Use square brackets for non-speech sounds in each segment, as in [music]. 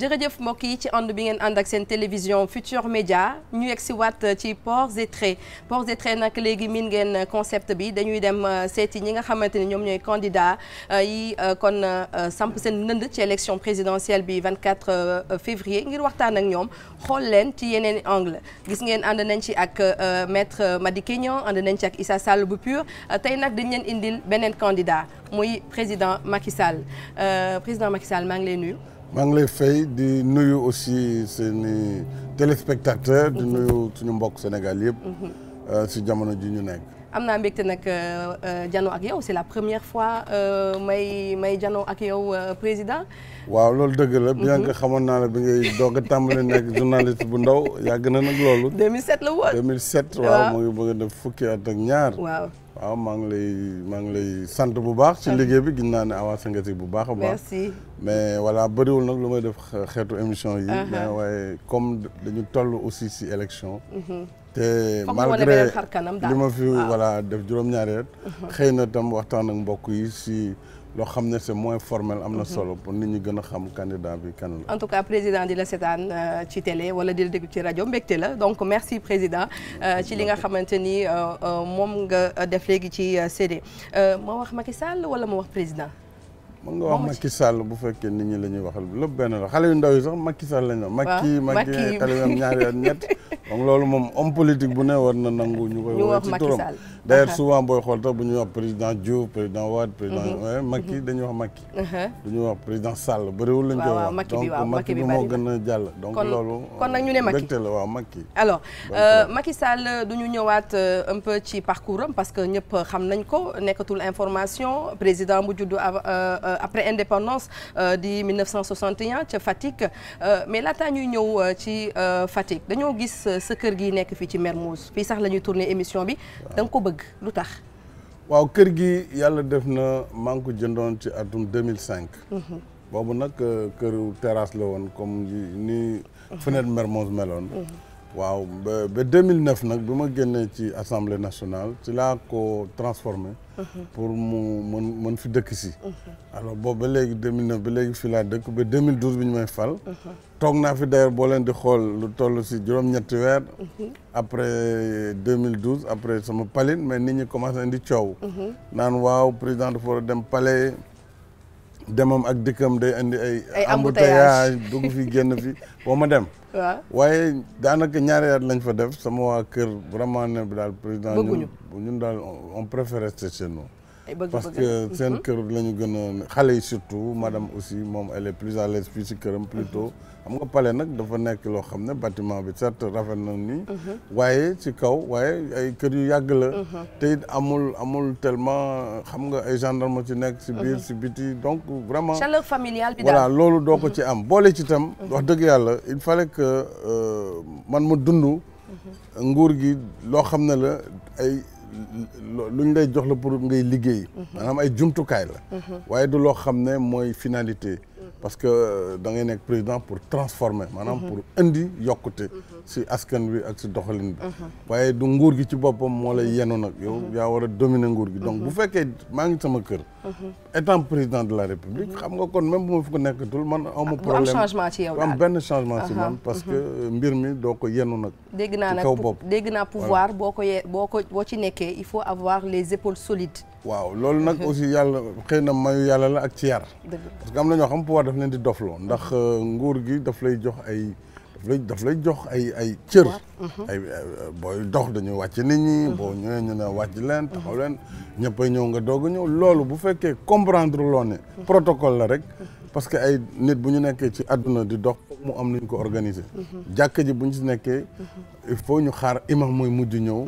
jërëjëf mbokk yi ci ànd bi ngeen ànd ak seen télévision Futur Média ñu yegg si ci ports et traits ports et traits nag léegi miin ngeen concept bi dañuy dem euh, seeti ñi nga xamante ni ñoom ñooy candidat euh, yi euh, kon samp seen ndënd ci élection présidentielle bi 24 février ngir waxtaan ak ñoom xool leen ci yeneen angle gis ngeen ànd nañ ci ak maître Madické Niang ànd nañ ci ak Issa Sall bu pur tey nag dañ leen indil beneen candidat muy président Macky Sall président Macky Sall maa ngi lay nuyu. maa ngi lay fay di nuyu aussi seeni téléspectateur di mhm. nuyu suñu mbokk Sénégal yëpp. Mhm. Euh, si jamono ji ñu nekk. am naa mbégte nag euh, euh, jano ak yow c'est la première fois euh, may may jano ak yow président. waaw loolu dëgg la. bien mhm. que xamoon naa la bi ngay doog a tàmbali nekk journaliste bu ndaw yàgg na nag loolu. 2007 la woon 2007. waaw mu ngi bëgg a def fukki at ak ñaar. waaw waaw maa ngi lay maa ngi lay sant bu baax. si liggéey bi gis naa ne awaa nga bu baax a baax. merci mais voilà bëriwul nag lu may def xeetu émission yi. Uh-huh. mais waaye comme dañu toll aussi si élection. Mm-hmm. te malgré li ma fi voilà def juróom-ñaari at mhm. xëy na tam waxtaan ak mbokk yi si loo xam ne se moins formel am na mhm. solo pour nit ñi gën a xam candidat bi kan en tout cas président di la seetaan euh, ci télé wala di la déglu ci rajo mbégte la donc merci président euh, ci li nga xamante ni euh, moom nga def léegi ci CD ma wax ma Macky Sall wala ma wax président mën nga wax Macky Sall bu fekkee nit ñi la ñuy waxal lépp benn la xale yu ndaw yi sax Macky Sall lañ wax. Macky Macky xale eh, yu ñaari at ñett. donc loolu moom homme politique bu ne war na nangu ñu koy. [laughs] wax Macky Sall ci turam d'ailleurs souvent booy xool wax président Diouf mhm. eh, mhm. wax président Sall bëriwul lañ wax. donc bi a euh, waaw Macky. alors euh, Macky ñëwaat euh, un peu ci parcours parce que ñëpp xam nañ ko nekkatul information président bu juddu Euh, après indépendance euh, di 1961 ca Fatick euh, mais laataa ñuy ñëw ci Fatick dañoo gis sa kër gi nekk fii ci Mermoz fii sax la ñuy émission bi da ko bëgg lu tax. waaw kër gi yàlla def na maa ngi ko jëndoon ci atum 2005. Mhm. boobu nag këru terrasse la woon comme ni fenêtre Mermoz meloon. Mhm. waaw ba ba 2009 nag bi ma génnee ci assemblée nationale ci laa ko transformé. Uh-huh. pour mu mën mën fi dëkk si. Uh-huh. alors boobu ba léegi 2009 ba léegi fi laa dëkk ba 2012 bi ñu may fal. Uh-huh. toog naa fi d'ailleurs boo leen di xool lu toll si juróom-ñetti weer. après 2012 après sama paline mais nit ñi commencé indi coow. naan waaw président dafa war a dem pale demam ak dëkkam day indi ay. ay embouteillage dugg fi génn fi [laughs] boo ma dem. waaw waaye daanaka ñaari at lañ fa def sama waa kër vraiment bi daal président. bëgguñu ñun daal on préfère rester chez parce que mhm. seen kër la ñu gën a xale yi surtout madame aussi moom elle est plus à l'aise fii si këram plutôt. xam nga palais nag dafa nekk loo xam ne batiment bi certes rafet na nii. Mhm. waaye si kaw waaye ay kër yu yàgg la. Mhm. te amul amul tellement xam nga ay gendarme ci nekk. si biir si mhm. biti donc vraiment. chaleur familiale voilà loolu doo ko ci am boole ci tam. wax dëgg yàlla il fallait que euh, man mu dund. nguur gi loo xam ne la ay. luñ lay jox la pour ngay liggéey. maanaam ay jumtukaay la. waaye du loo xam ne mooy finalité. parce que euh, da ngay nekk président pour transformer maanaam mhm. pour indi yokkute si mhm. askan wi ak si doxalin bi mhm. waaye du nguur gi ci boppam moo lay yenu nag yow yaa war a nguur gi donc bu fekkee maa ngi sama kër étant président de la république xam nga kon même bu ma fi ko nekkatul man ah, amu problème am benn changement si man parce que euh, mbir mi doo ko yenu nag dégg naa nag dégg naa pouvoir boo ko ye boo ko boo ci nekkee il faut avoir les épaules solides waaw loolu nag [laughs] aussi yàlla xëy na mayu yàlla la ak ci yar parce que am na ñoo xam pouvoir daf leen di dofloo ndax euh, nguur gi daf lay jox ay daf daf lay jox ay ay cër mhm. ay euh, booy dox dañuy wàcc nit ñi mhm. boo ñëwee ñu ne wàcc leen mhm. taxaw leen ñëppay ñëw nga doog a ñëw loolu bu fekkee comprendre loo ne protocole la rek parce que ay nit bu ñu nekkee ci àdduna di dox mu am nañ ko organiser jàkk ji bu ñu si nekkee il faut ñu xaar imam mooy mujj ñëw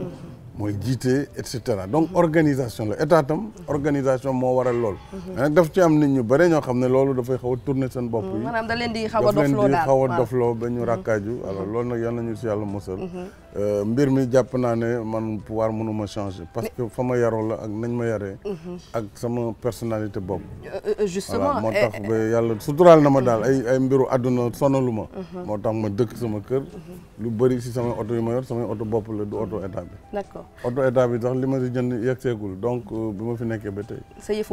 mooy jiite et cetera donc organisation la état organisation moo waral lool mhm. mais nag ci am nit ñu bare ñoo xam ne loolu dafay xaw a tourner seen bopp yi. maanaam leen di xaw a dofloo daal daf leen di xaw a dofloo ba ñu mhm. rakkaaju alors mhm. loolu nag yal nañu si yàlla musal. Euh, mbir mi jàpp naa ne man pouvoir mënuma changer parce que fa ma yaroo la ak nañ ma yaree mhm. ak sama personnalité bopp euh, euh, justement moo eh, tax ba eh, yàlla suturaal na ma daal mhm. ay ay mbiru àdduna lu ma mhm. moo tax ma dëkk sama kër lu bari si samay oto yi ma yor samay oto bopp la du oto état bi d'accord li ma si jënd yegseegul donc bi ma fi nekkee ba tey sa yëfu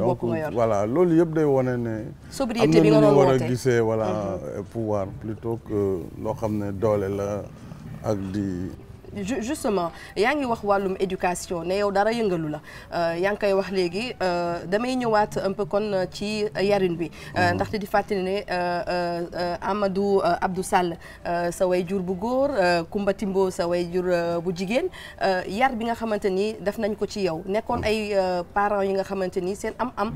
voilà loolu yëpp day wane ne sobriété bi nga doon woote am na lu ñu war a gisee voilà pouvoir plutôt que loo xam ne doole la ak di justement yaa ngi wax wàllum éducation ne yow dara yëngalu la euh, yaa ngi koy wax léegi euh, damay ñëwaat un peu kon ci yarin bi euh, mhm. ndaxte di fàttali ne Amadou Abdou Sall sa way jur bu góor Kumba Timbo sa way jur bu jigéen yar bi nga xamante ni def nañ ko ci yow nekkoon mhm. ay parents yi nga xamante ni seen am-am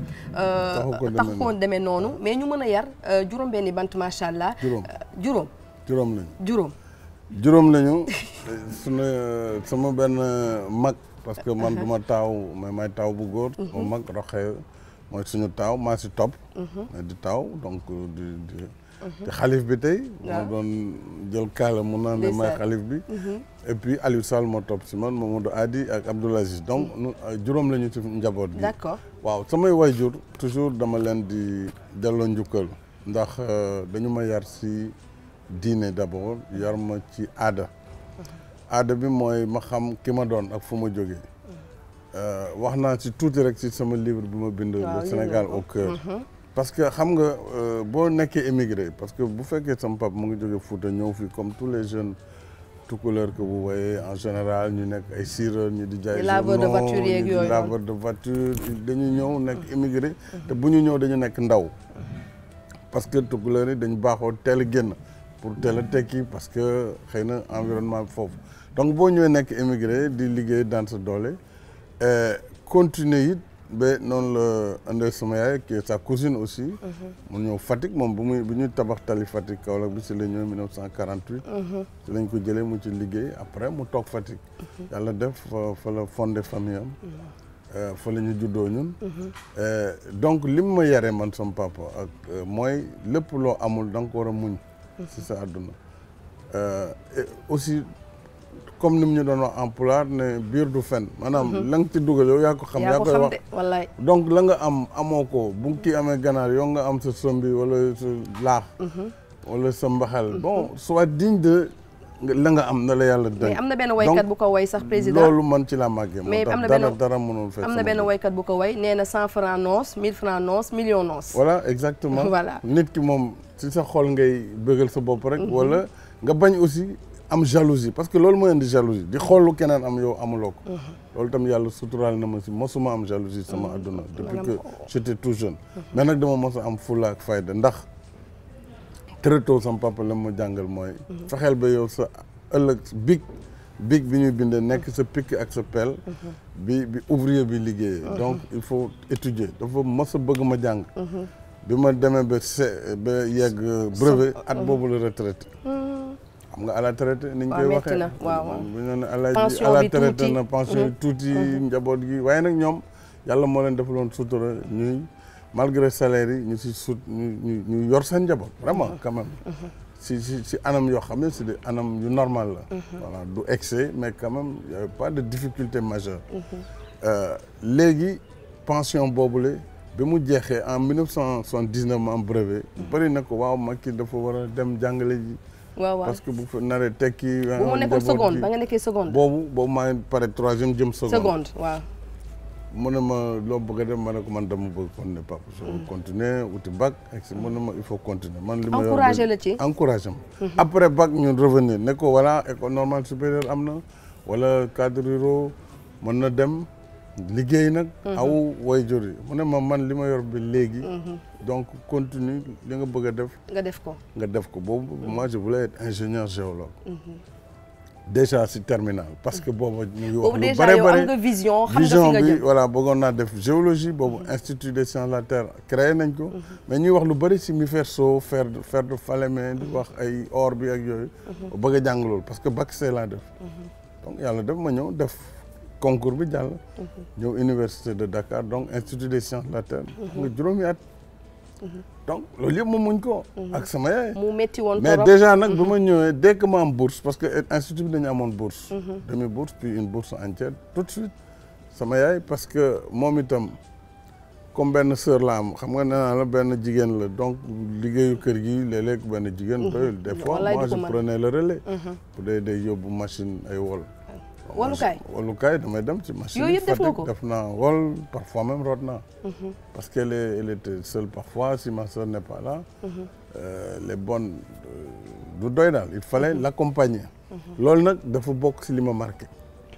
tax koon demee noonu mais ñu mën a yar juróom benni bant macha allah juróom juróom juróom juróom juróom lañu sunu sama benn mag parce que man du ma taaw mais may taaw bu góor ma mhm. mag roxee mooy suñu taaw maa si topp mhm. di taaw donc di di mhm. xalif bi tey moo doon jël kaala mu naan ne may xalif bi et puis Aliou Sall moo topp si man Mamadou Adi ak Abdoul Aziz donc euh, juróom lañu ci njaboot gi waaw samay waajur toujours dama leen di jalloo njukkal ndax euh, dañu ma yar si diine d'abord yar ma ci aada aada bi mooy ma xam ki ma doon ak fu ma jógee euh, wax naa ci tuuti rek si sama livre bi ma bind le Sénégal au cœur mhm. parce que xam nga euh, boo nekkee émigré parce que bu fekkee sama papa mu ngi jógee Fouta ñëw fii comme tous les jeunes tukulaar que vous voyez en général ñu nekk ay sireur ñu di jaay laveur de voiture yeeg de voiture dañu ñëw nekk mhm. émigré mhm. te bu ñu ñëw dañu nekk ndaw parce que tukulaar yi dañu baaxoo teel génn pour te a tekki parce que xëy na environnement foofu donc boo ñëwee nekk émigré di liggéey daan sa doole eh, continuer it ba noonu la andee sama yaay ki sa cousine aussi. Mhm. mu ñëw Fatick moom bu muy bu ñuy tabax tali Fatick Kaolack bi si la ñëw 1948. si lañ ko jëlee mu ci liggéey après mu toog Fatick. Mhm. yàlla def fa la de famille am. Mhm. Eh, fa la ñu juddoo ñun. Eh, donc lim ma yaree man sama papa ak mooy lépp loo amul donc nga ko war a muñ. si sa àdduna euh, aussi comme ni mu ñu doon wax en pulaar ne biir du fen maanaam mhm. la nga ci dugal yow yaa ko xam yaa koy wax donc la am amoo ko bu kii amee ganaar yow nga am sa sombi wala sa laax mhm. wala sa mbaxal mhm. bon soit digne de la nga am na la yàlla am na benn woykat bu ko woy sax président loolu man ci laa màggee. dara dara mënul fekk. am na benn ko nee na cent franc noos mille franc noos million noos. voilà exactement [laughs] voilà nit ki moom si sa xol ngay bëggal sa bopp rek. Mhm. wala nga bañ aussi. am jalousie parce que loolu mooy indi jalousie di xool keneen am yow amuloo ko. Mhm. loolu itam yàlla suturaal na ma si mosuma am jalousie sama mhm. adduna. depuis que j'étais tout jeune. mais nag dama mos am fulla ak ndax. très tôt sama mu jàngal mooy. fexeel ba yow sa ëllëg big big bi ñuy bindee nekk sa pikk ak sa pelle. bi bi ouvrier bi liggéeyee. Mhm. donc il faut étudier dafa mos a bëgg ma jàng. bi ma demee ba se ba yegg brevet at mhm. boobu la retraite mhm. xam nga à la ni ñu koy waxee bu ñu ne ala ji à la traite na pension tuuti njaboot gi waaye nag ñoom yàlla moo leen defaloon sutura ñuy malgré salaire yi ñu si sut ñu ñu yor seen njaboot vraiment quand même si si si anam yoo xam ne si anam yu normal la voilà du excès mais quand même y avait pas de difficulté majeure euh, léegi pension le bi mu jeexee en 1979 ma am brevet bëri na ko waaw Macky dafa war a dem jàngale ji waaw parce que bu fa naree tekki bu mu ah, nekkoon seconde nekkee seconde boobu boobu maa ngi pare troisième jëm seconde seconde waaw mu ne ma loo bëgg a dem ma ne ko man dama bëgg hmm. continuer papa soo continuer uti bac et mu ne ma il faut continuer man li ma encouragé la ci encouragé ma hmm. après bac ñun revenir ne ko voilà école normale supérieure am na wala cadre ruraux mën na dem liggéey nag hmm. aw way juri mu ne ma man li ma yor bi léegi donc continue li nga bëgg a def nga def ko nga def ko boobu moi je voulais être ingénieur géologue déjà si terminal parce que boobu ñu ngi wax lu bare bare vision bi voilà bëggoon naa def géologie boobu institut des sciences la terre créer nañ ko mhm. mais ñuy wax lu bëri si mi fer soo fer fer de Falémé wax ay or bi ak yooyu mhm. bëgg a jàng loolu parce que bac C laa def mhm. donc yàlla def ma ñëw def concours bi jàll ñëw université de Dakar donc institut des sciences de la terre juróomi at donc loolu yëpp moom muñ ko. ak sama yaay. mu métti mais déjà nag mhm. bi ma ñëwee dès que ma am bourse parce que institut bi dañu amoon bourse. Mhm. demi bourse puis une bourse entière tout de suite sama yaay parce que moom itam comme benn sœur la am xam nga nee la benn jigéen la donc liggéeyu kër gi léeg-léeg benn jigéen mhm. doyul des fois moi je prenais le bu dee day yóbbu machine ay wol. walukaay walukaay damay dem ci machine. yooyu def na ko def naa wol parfois même root naa. Mhm. parce que elle est elle était seule parfois si ma soeur pas là. Mhm. Euh, les bonnes euh, du doy daal il fallait mhm. l'accompagner. loolu nag dafa bokk si lima ma marqué.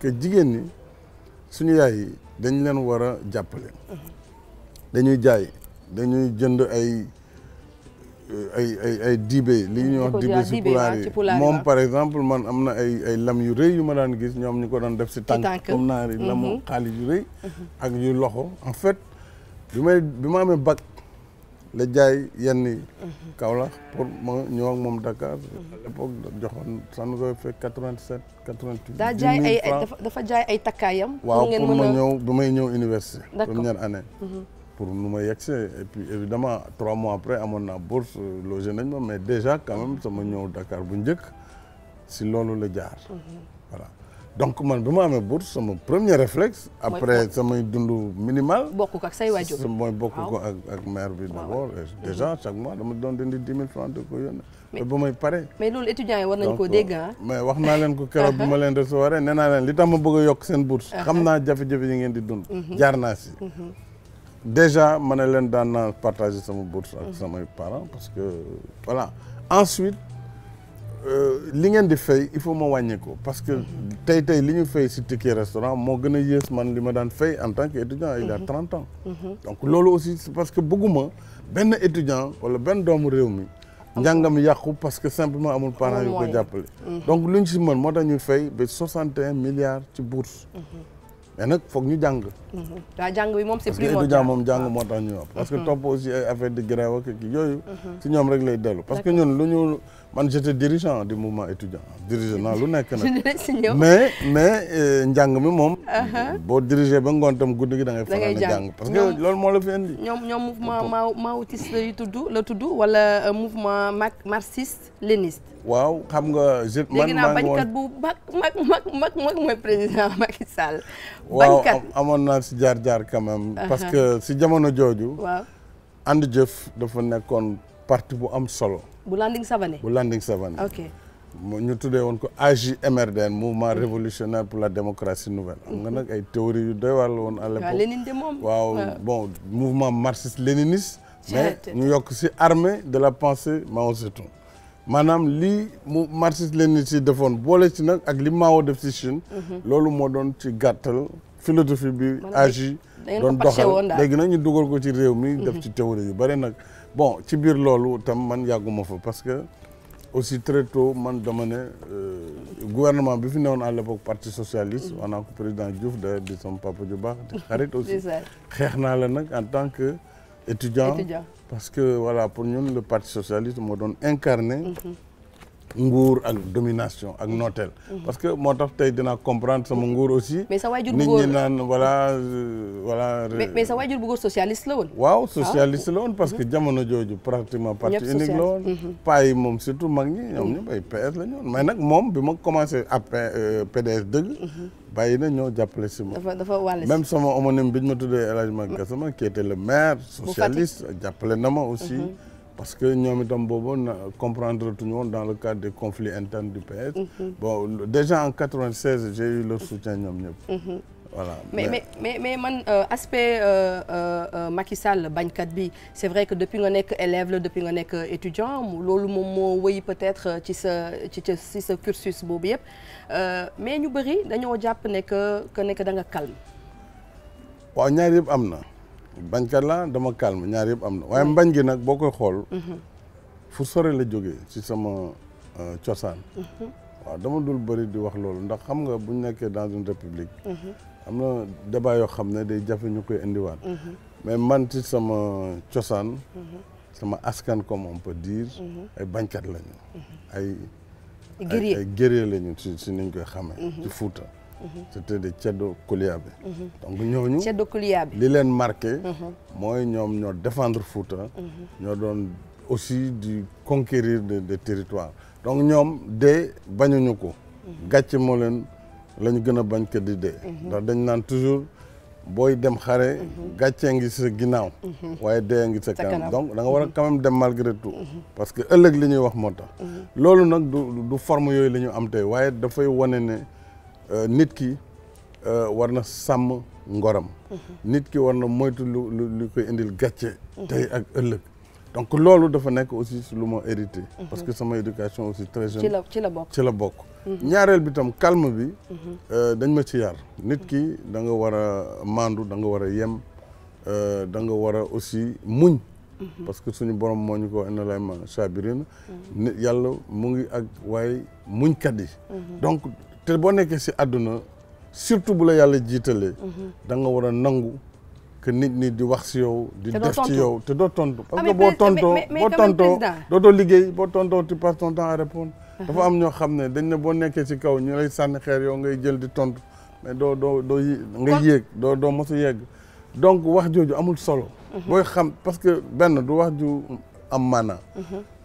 jigéen ñi suñu yaay yi dañ leen war a jàppale. dañuy jaay dañuy jënd ay. ay ay ay dibe li ñuy wax dibe si pulaar moom par exemple man am na ay ay lam yu rëy yu ma daan gis ñoom ñu ko doon def si tànk comme naari lamu mhm. xaalis yu rëy mhm. ak yu loxo en fait bi may bi ma amee bac la jaay yenn yi mhm. Kaolack pour ma ñëw ak moom Dakar à l'époque joxoon san koy fekk dafa jaay ay takkaayam waaw pour ma ñëw bi may ñëw université première année pour nu ma yegsee et puis évidemment trois mois après amoon naa bourse logé nañ ma mais déjà quand sama ñëw Dakar bu njëkk si loolu la jaar mhm. voilà donc man bi ma amee bourse sama premier réflexe après samay dund minimal bokk ko ak say waajur mooy bokk ko ak ak maire bi d'abord mhm. déjà chaque mois dama doon dindi dix mille francs de ko yónnee mais ba may pare mais loolu étudiants yi war nañ koo dégg mais wax naa leen ko keroog bi [laughs] ma leen recevoir nee naa leen li tax ma bëgg a yokk seen bourse ah, xam ah. naa jafe yi ngeen di dund mhm. jaar naa si déjà ma ne leen daan naa partager sama bourse ak mhm. samay parents parce que voilà ensuite euh, li ngeen di fey il faut ma wàññeeku parce que mhm. tey tey li ñu fay si ticket restaurant moo gën a yées man li ma daan fay en tant que étudiant il y a mhm. donc loolu aussi c'est parce que bëgguma benn étudiant wala benn doomu réew mi njàngam yàqu parce que simplement amul parents yu ko jàppale donc lu ñu si mën moo tax ñuy fay ba soixante et un ci bourse mais nag foog ñu jàng. waaw jàng bi moom c'est primordial moom jàng ah. moo tax ñu yoo parce que mm-hmm. topp aussi ay affaire de grève ak yooyu. si mm-hmm. ñoom rek lay dellu. parce que ñun lu ñu man j'étais dirigeant du mouvement étudiant dirige naa lu nekk na [laughs] mais mais euh, njàng mi moom. Uh-huh. boo dirigé ba ngoon tam guddi gi da ngay. da ngay jàng parce que loolu moo la fi indi. ñoom ñoom ma maoïstiste la tudd la tudd wala euh, mouvement marxiste léniste. waaw xam nga je man maa ngi woon bañkat bu mag mag mag mag mag mooy président [laughs] Macky Sall. bañkat waaw amoon naa si jaar jaar quand même. parce que si jamono jooju. waaw ànd jëf dafa nekkoon parti bu am solo. bu Landing Savané bu Landing Savané. ok ñu tuddee woon ko AJMRDN mouvement mm. révolutionnaire pour la démocratie nouvelle. am nga nag ay théories yu doy waar la woon à l'époque. waaw Lénine de moom waaw bon mouvement marxiste léniniste. mais ñu yokk si armée de la pensée Mao Zedong. maanaam lii mu marxiste léniniste defoon boole ci nag ak li Mao def si Chine. Mhm. loolu moo doon ci gàttal philosophie bi agi doon doxal léegi nag ñu dugal ko ci réew mi mhm. def ci théorie yu bari nag bon ci biir loolu tam man yàgguma fa parce que aussi très man dama ne euh, gouvernement bi fi newoon à l'époque parti socialiste maanaam président Diouf d'ailleurs di sama papa ju baax di xarit aussi xeex naa la nag en tant que étudiants. étudiants parce que voilà pour ñun le parti socialiste moo doon incarné. Mhm. nguur ak domination ak nooteel. parce que moo tax tey dinaa comprendre sama nguur aussi. mais nit ñi naan voilà euh, voilà. mais euh, sa waajur bu góor la woon. waaw ah. socialiste la woon parce que mhm. jamono jooju pratiquement parti unique la woon. Mhm. paa yi moom surtout mag ñi ñoom mhm. ñëpp ay PS la ñu woon nag moom bi ma commencé à PDS euh, dëgg. bàyyi na ñoo jàppale si ma. dafa dafa wàll même sama homonyme bi ñu ma tuddee El Hadj Maguette Gassama qui était le maire. socialiste jàppale na ma aussi. parce que ñoom itam boobu comprendre tuñu woon dans le cadre des conflits internes du PS. Mhm. bon déjà en 96 j'ai eu leur soutien ñoom ñëpp. Mhm. voilà mais mais mais, mais man euh, aspect euh, euh, euh, Macky Sall bañkat bi c'est vrai que depuis nga nekk élève la depuis nga nekk étudiant loolu moom moo wëy peut-être euh, ci sa ci ci sa cursus boobu yëpp euh, mais ñu bëri dañoo jàpp ne que que ne nga calme. waaw ñaar yëpp am na. bankat la dama calme ñaar yëpp am na waaye mbañ gi nag boo koy xool mhm. fu sore la jógee si sama euh, cosaan mhm. waaw dama dul bëri di wax loolu ndax xam nga bu nekkee dans une république mhm. am na débat yoo xam ne day jafe ñu koy indiwaat mais man ci sama cosaan sama askan comme on peut dire ay bañkat lañu ay ay lañu si niñ koy xamee ci Fuuta surtout de Ceddo Kouliaby mhm. donc ñooñu Ceddo Kouliaby li leen marqué mhm. mooy ñoom ñoo défendre Fouta mhm. ñoo doon aussi di conquérir des de territoires donc ñoom dee bañuñu ko gàcc moo leen lañu gën a bañ ko di dee ndax dañ naan toujours booy dem xare gàccee ngi sa ginnaaw waaye dee ngi sa kanam donc da war a quand même dem malgré tout parce que ëllëg li ñuy wax moo tax loolu nag du du yooyu la am tey waaye dafay wane ne Euh, nit ki euh, war na sàmm ngoram. Mhm. nit ki war na moytu lu lu koy indil gàcce. tey ak ëllëg. donc loolu dafa nekk aussi lu ma hérité. Mhm. parce que sama éducation aussi très jeune. ci la ci la bokk ci la bokk. Mhm. ñaareel bi tam calme bi. Euh, dañ ma ci yar. nit ki da nga war a maandu da nga war a yem da nga war a aussi muñ. parce que suñu borom moo ñu ko inna layma sabirin. nit yàlla mu ngi ak waaye muñkat yi. te boo nekkee si àdduna surtout bu la yàlla jiitalee. Mhm. da nga war a nangu que nit ñi di wax si yow. di def ci yow te doo tontu. parce ah, que boo tontoo boo tontoo dootoo liggéey boo tontoo tu passes ton temps à répondre. Mhm. dafa am ñoo xam ne dañ ne boo nekkee si kaw ñu lay sànni xeer yow ngay jël di tontu mais doo doo doo nga yéeg doo doo mos a yegg donc wax jooju amul solo. Mhm. booy xam parce que benn du wax ju am maanaa.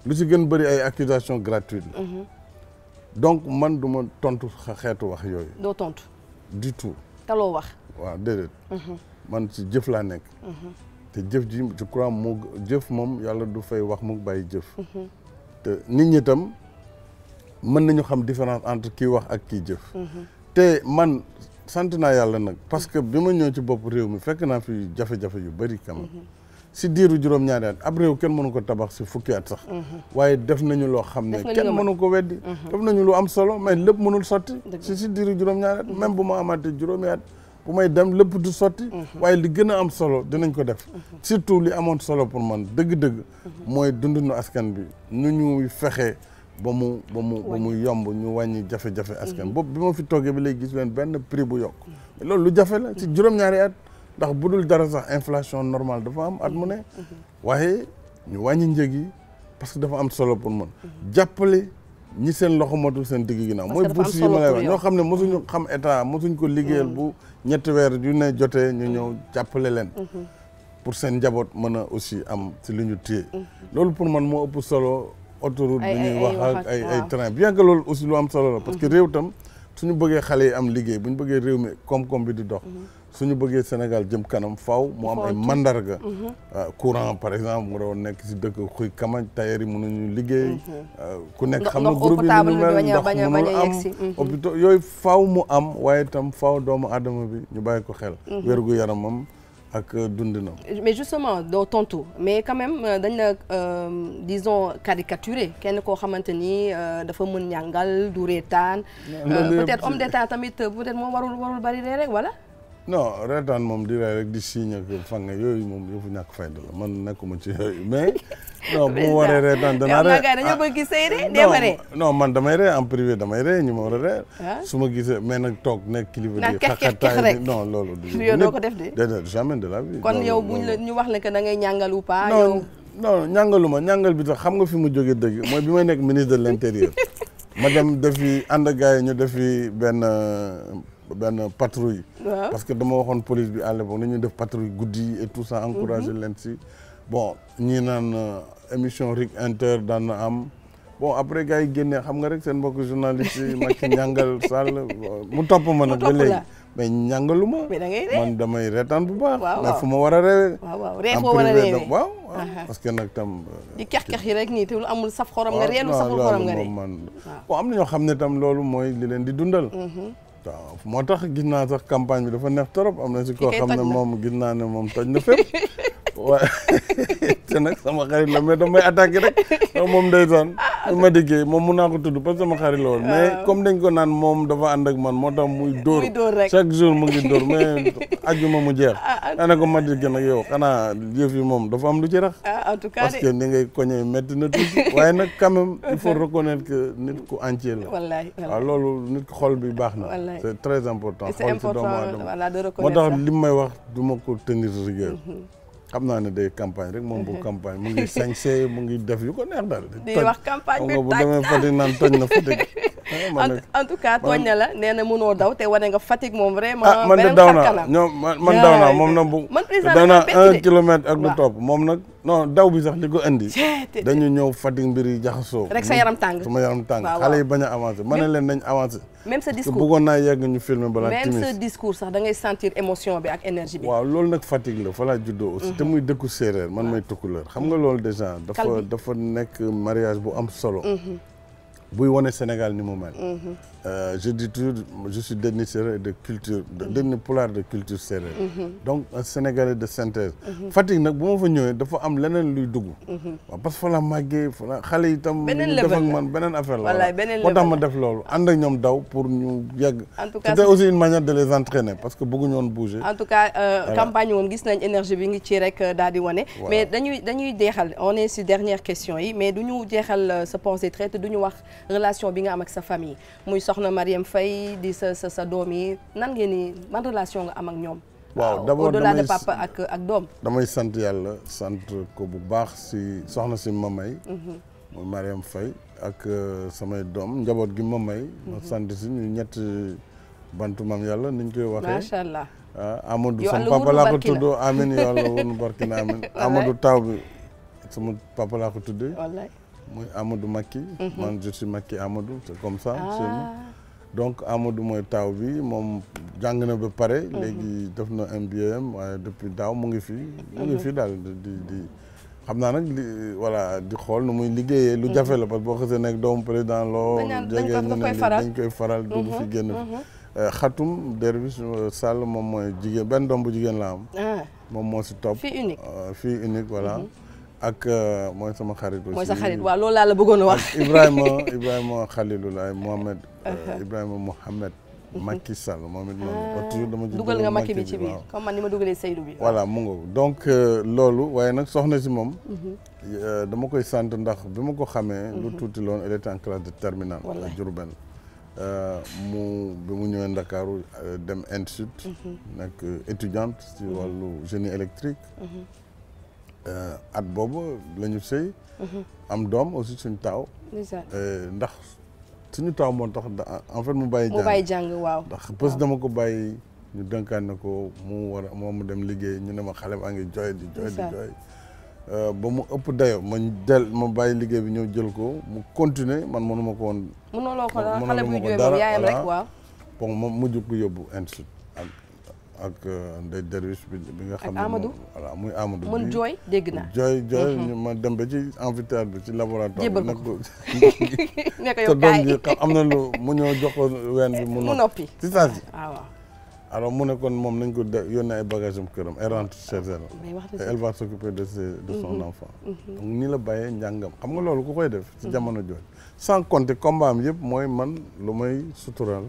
lu ci gën bëri ay accusations gratuites donc man du ma tontu xeetu wax yooyu. doo tontu. du tout. taloo wax. waaw déedéet. Mhm. man ci jëf laa nekk. Mhm. te jëf ji je crois mu jëf moom yàlla du fay wax mu bàyyi jëf. Mhm. te nit ñi tam mën nañu xam différence entre kii wax ak kii jëf. te man sant naa yàlla nag parce que bi ma ñëw ci bopp réew mi fekk naa fi jafe-jafe yu bari quand si diiru juróom-ñaari at ab réew kenn mënu ko tabax si fukki at sax mhm. waaye def nañu loo xam ne kenn mënu ko weddi mhm. def nañu lu am solo mais lépp mënul sotti si si diiru juróom-ñaari at mhm. même bu ma amaatee juróomi at bu may dem lépp du sotti waaye li gën a am solo dinañ ko def surtout li amoon solo pour man dëgg-dëgg mooy dundunu askan bi nu ñuy fexe ba mu ba mu ba mu yomb ñu wàññi jafe-jafe askan boobu bi ma fi toogee ba léegi gis leen benn prix bu yokk loolu lu jafe la si juróom ndax bu dul dara sax inflation normal dafa am at mu ne waaye ñu wàññi njëg yi parce que dafa am solo pour man jàppale ñi seen loxo matul seen digg ginnaaw mooy bourse ma lay ñoo xam ne mosuñu xam état mosuñ ko liggéeyal mm-hmm. bu ñetti weer yu ne jotee ñu ñëw mm-hmm. jàppale leen mm-hmm. pour seen njaboot mën a aussi am si lu ñu téye loolu pour man moo ëpp solo autoroute bi ñuy wax ak ay ay train bien que loolu aussi lu am solo la parce que réew tam suñu bëggee xale yi am liggéey bu ñu bëggee réew mi koom-koom bi di dox suñu bëggee Sénégal jëm kanam faaw mu am ay mandarga mhm. euh, courant par exemple mu doon nekk si dëkk xuy kamañ tailleur yi mënuñu liggéey mhm. euh, ku nekk xam na groupe yi ñu mel ndox mënul am mhm. yooyu faaw mu am waaye itam faaw doomu aadama bi ñu bàyyi ko xel wérgu yaramam ak euh, dundinam mais justement doo tontu mais quand même dañ di son caricaturé kenn koo xamante ni dafa mën ñàngal du reetaan peut-être homme d'état tamit peut-être warul bari rek wala non reetaan moom di rey rek di signé ak fange yooyu moom yëfu ñàkk fay la man nekkuma ci yooyu mais. [laughs] non bu mu waree reetaan danaa ree dañoo bëgg ah, man damay ree en privé damay ree ñu ma war a ree. Ah. su ma gisee mais nag toog nekk kilifa. di xaqataay non loolu. du [laughs] yow doo ko def de. déedéet de la vie. kon yow ñu wax la que da ngay ñàngal ou pas. yow non ñàngaluma ñàngal bi tax xam nga fi mu jógee dëgg mooy bi may nekk ministre de l' intérieur [laughs] ma dem defi ànd ak gars yi ñu defi benn. benn patrouille. Ouais. parce que dama waxoon police bi à na nañu def patrouille guddi et tout ça. encouragé mhm. leen si bon ñii naan euh, émission Rik Inter daan na am. bon après ga yi génne xam nga rek seen mbokk journaliste yi Macky [laughs] ñàngal Sall mu topp ma nag ba léegi mais ñàngalu ma man damay reetaan bu baax mais fu ma war a reewee a waaw parce que nag tam euh, di kex-kex yi rek nii te lu amul saf xorom nga reelu saful xorom nga ree man bon am na ñoo xam ne tam loolu mooy li leen di dundal mhm. waaw moo tax gis naa sax campagne bi dafa neex trop am na si koo xam ne moom gis naa ne moom toj na fépp [laughs] waaw [laughs] nag sama xarit la mais damay attaqué rek ndax moom ndeysaan su ah. ma dikkee moom mun naa ko tudd parce que sama xarit la ah. comme dañ ko naan moom dafa ànd ak man moo tax muy dóor chaque jour mu ngi dóor mais ajjuma ma ah, yow xanaa yëf yi moom dafa am lu ci rax parce que ni ngay waaye nag quand même il faut [laughs] reconnaître que nit ku entier la wallaay waaw loolu nit ku xol bi baax na c'est très important xol si doomu aadama moo tax li may wax du ma ko tenir xam naa ne day campagne rek moom bu [laughs] campagne mu ngi sañsee mu ngi def yu ko neex daal. di wax campagne bi bu demee Fatick naan toj na Fatick. [laughs] Ah, en tout cas tooñ na la nee na daw te wane nga Fatick moom vraiment. ah man de daw naa ñoom man daw moom na bu. man président daw naa un kilomètre ak lu topp moom nag. non daw bi sax li ko indi dañu ñëw Fatick mbir yi jaxasoo rek sa yaram tàng sama yaram tàng xale yi bañ a avancé ma na leen nañ avancé même sa discours naa yegg ñu filmer balaa timis même sa discours sax da ngay sentir émotion bi ak énergie bi waaw loolu nag Fatick la fa laa juddoo aussi mhm. te muy dëkku séeréer man may tukkuleur xam nga loolu déjà dafa dafa nekk mariage bu am solo mhm. buy wane Sénégal ni mu mel. Mhm. Euh, je dis toujours je suis devenu séeréer de culture devenu mhm. pulaar de culture séeréer. Mhm. donc un Sénégalais de synthèse. Fatick nag bu ma fa ñëwee dafa am leneen luy dugg. parce que fa la màggee fa la xale yi tam. beneen def beneen affaire la. wallaay beneen moo tax ma def loolu ànd ak ñoom daw pour ñu yegg. en tout aussi une manière de les entraîner parce que bëgguñu woon bouger. en tout cas euh, campagne moom gis nañ énergie bi ngi ci rek euh, daal di yi mais duñu jeexal sa pensée traite duñu wax. relation bi nga am ak sa famille muy soxna Mariam fay di sa sa sa doom yi nan ngeen ni man relation nga am ak ñoom. waaw d'abord au-delà de ak ak doom. damay sant yàlla sant ko bu baax si soxna si ma may. Mhm. muy Mariam Faye ak euh, samay doom njaboot gi mhm. ma may. sant si ñu ñett bantu maam yàlla niñ koy waxee. macha allah ah, Amadou [laughs] sama papa laa ko tudd amiin sama papa laa muy Amadou Macky. Mhm. man je suis Macky Amadou c'est comme ça. Ah. donc Amadou mooy taaw bi moom jàng na ba pare. Mhm. léegi def na MBA am waaye depuis daaw mu ngi fi. mu ngi mhm. daal di di. xam naa nag di voilà di xool nu muy liggéeyee lu jafe la parce boo xasee nekk doomu président loo jege ñu ne dañ koy faral dugg fi génn fi xatum euh, dervis euh, sàll moom mooy jigéen benn doom bu jigéen la am ah. moom moo si top fii euh, unique voilà ak euh, mooy sama xarit aussi loolu laa la bëggoon a wax. Ibrahima [laughs] Ibrahima Khalilulaay euh, uh-huh. uh-huh. Mohamed. Ibrahima Mohamed. Ah, Macky Sall moom it moom toujours dugal nga Macky ci biir comme man ni ma dugalee Seydou bi. voilà mu ngoog donc euh, loolu waaye nag soxna si moom. Mm-hmm. dama koy sant ndax bi ma ko xamee. lu mm-hmm. tuuti loon elle était en classe de terminale. wallaahi Diourbel mu bi mu ñëwee Ndakaaru dem institut. Mm-hmm. nekk étudiante ci wàllu génie électrique. Euh, at boobu la ñu sëy mhm. am doom aussi suñ taaw euh, ndax suñu taaw moom tax en fait mu bàyyi jàng mu bàyyi jàng waaw ndax bés dama ko bàyyi ñu dënkaan na ko mu war a mu dem liggéey ñu ne ma xale baa ngi jooy di jooy di jooy euh, ba mu ëpp dayo ma del ma bàyyi liggéey bi ñëw jël ko mu continuer man mënuma ko woon mënuloo ko dara xale buy jooy moom yaayam rek waaw bon moom mujj yóbbu institut ak euh, Ndeye Derwis bi nga xam ne ak Amadou muy Amadou. mën jooy dégg naa jooy jooy mhm. ma dem ba ci amphithéâtre bi ci laboratoire bi. jébal ko ne ko [laughs] [laughs] xam am na lu mu ñëw ween bi mu [laughs] noppi ci saa si ah, waaw mu ne moom nañ ko yónnee ay bagages am këram elle rentre chez elle. Ah, s'occuper de ses de son mhm. enfant. Mhm. donc ni la bàyyee njàngam xam nga loolu ku koy def. ci jamono jooju sans compter combat am yëpp mooy man lu may sutural.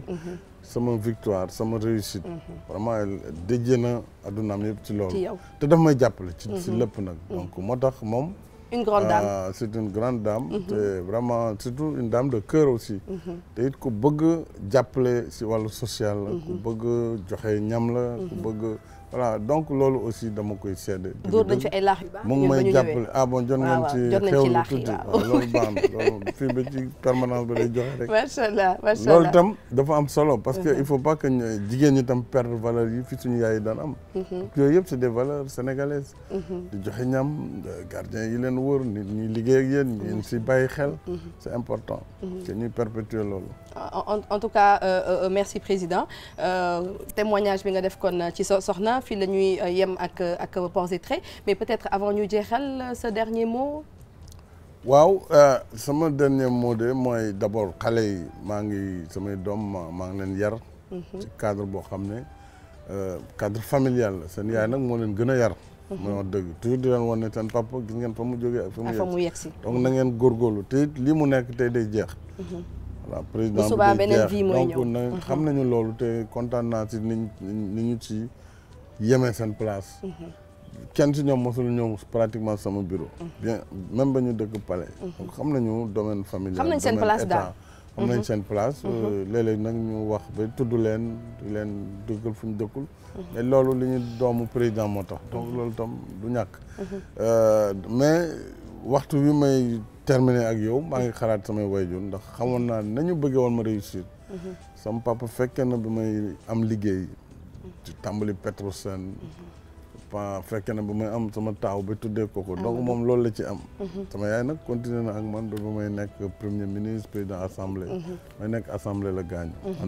sama victoire sama réussite. Mhm. vraiment déjee na addunaam yëpp ci loolu. ci yow te daf may jàppale. ci ci mhm. lépp nag. Mhm. donc moo tax moom. une grande dame euh, c'est une grande dame. te vraiment surtout une dame de cœur aussi. te it ku bëgg jàppale si wàllu social la. ku bëgg joxe ñam la ku bëgg. voilà donc loolu aussi dama koy seede. dóor nañu fi ay laax yu baax mu ngi may jàppale ah bon jot ngeen ci xew lu tuuti waaw loolu baax na fii ba ci permanence ba lay joxe rek. macha allah macha allah loolu itam dafa am solo parce que mhm. il faut pas jigéen ñi tam perdre valeur yi fi suñu yaay yi daan am. Mhm. yooyu yëpp c'est des valeurs sénégalaises. Mhm. di joxe ñam gardien yi leen wóor nit ñi liggéey ak yéen ñu leen si bàyyi xel. c'est important. que ñuy perpétuer loolu. en en tout cas euh, euh, euh, merci président témoignage bi nga def kon ci soxna. ah fii la ñuy euh, yem ak euh, ak tre très mais peut-être avant ñu jeexal ce euh, dernier mot. waaw sama dernier mot de mooy d'abord xale yi maa ngi samay doom maa ngi leen yar. Mhm. cadre boo xam ne cadre familial la seen yaay nag moo leen gën a yar. Mhm. mooy wax dëgg toujours di leen wan seen papa gis ngeen fa mu jógee ak. fa mu yegg si donc nangeen ngeen góorgóorlu te lii mu nekk te day jeex. Mhm. voilà président bu subaa beneen vie mooy ñëw donc na xam nañu loolu te kontaan naa ci ni ñu ni yeme seen place. Mhm. kenn si ñoom mosul ñëw pratiquement sama bureau. Mhm. bien même ba ñu dëkk palais. Mhm. donc xam nañu domaine familial. xam nañ seen place daal xam nañ seen place. Euh, léeg nag ñu wax ba tudd leen di leen dëkkal fu ñu dëkkul. loolu li ñu doomu président moo tax. donc loolu tam du ñàkk. Euh, mais waxtu wi may terminer ak yow maa ngi xalaat samay wayjur ndax xamoon naa na ñu bëggee woon ma réussir. sama papa fekkee na bi may am liggéey. ci tàmbali Petrosen pa fekke na bu may am sama taaw bi tuddee kooku ah, donc moom loolu la ci am mhm. sama yaay nag continuer na ak man ba ba may nekk premier ministre président assemblée mhm. may nekk assemblée la gaañu mhm. en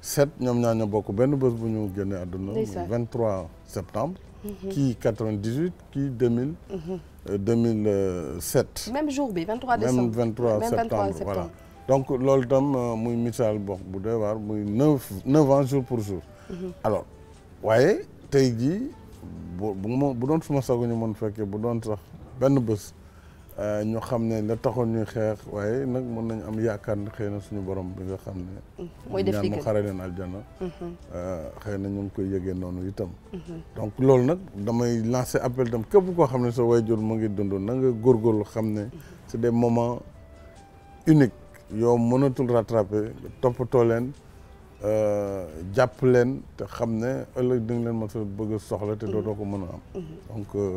2007 ñoom ñaar ñoo bokk benn bés bu ñu génnee àdduna 23 septembre kii 98 kii 2000 2007 euh, même jour bi 23 décembre même 23 septembre voilà donc loolu itam euh, muy misaal bokk bu doy waar muy neuf neuf jour pour jour alors waaye tey jii bu bu ma bu doon suma sago ñu mën fekkee bu doon sax benn bés euh, ñu xam ne la taxoon ñuy xeex waaye nag mën nañu am yaakaar ne xëy na suñu borom bi nga xam ne. Mm-hmm. mooy mu xare leen aljana. Mm-hmm. Euh, xëy na ñu ngi koy yëgee noonu itam. Mm-hmm. donc loolu nag damay lancer appel itam képp koo xam ne sa wayjur mu ngi dund na nga góorgóorlu xam ne c'est des moments uniques yow mënatul rattraper toppatoo leen. jàpp leen te xam ne ëllëg di nga leen mën sa bëgg soxla te mm-hmm. dootoo ko mën a am mm-hmm. donc euh,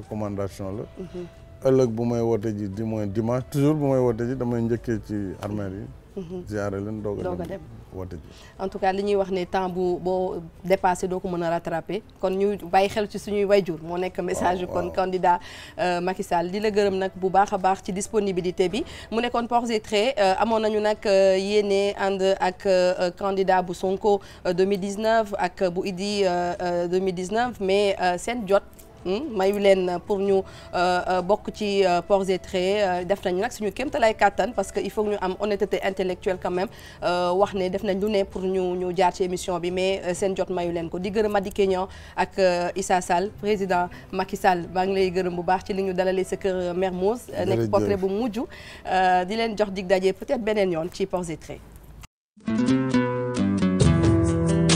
recommandation la mm-hmm. ëllëg bu may woote ji du moins dimanche toujours bu may woote ji damay njëkkee ci armeel yi. Mhm. ziare leen doog a ji en tout cas li ñuy wax ni temps bu boo dépassé doo ko mën a rattrapé kon ñu bàyyi xel ci suñuy wayjur moo nekk message yu kon candidat euh, Macky Sall di la gërëm nag bu baax a baax ci disponibilité bi mu nekkoon Ports et euh, amoon nañu nag euh, yéene ànd ak candidat bu Sonko 2019 ak bu Idi 2019 mais seen jot Hmm? mayu leen euh, pour ñu euh, euh, bokk ci ports et traits def nañu nag suñu kéemtalaay kàttan parce que il faut ñu am honnêteté intellectuelle quand même wax ne def nañ lu ne pour ñu ñu jaar ci émission bi mais seen jot mayu leen ko di gërëm Madi Keñan ak Issa Sall président Macky Sall maa ngi lay gërëm bu baax ci li ñu dalalee sa kër Mermoz nekk portrait bu mujj di leen jox dig daje peut-être beneen yoon ci ports et traits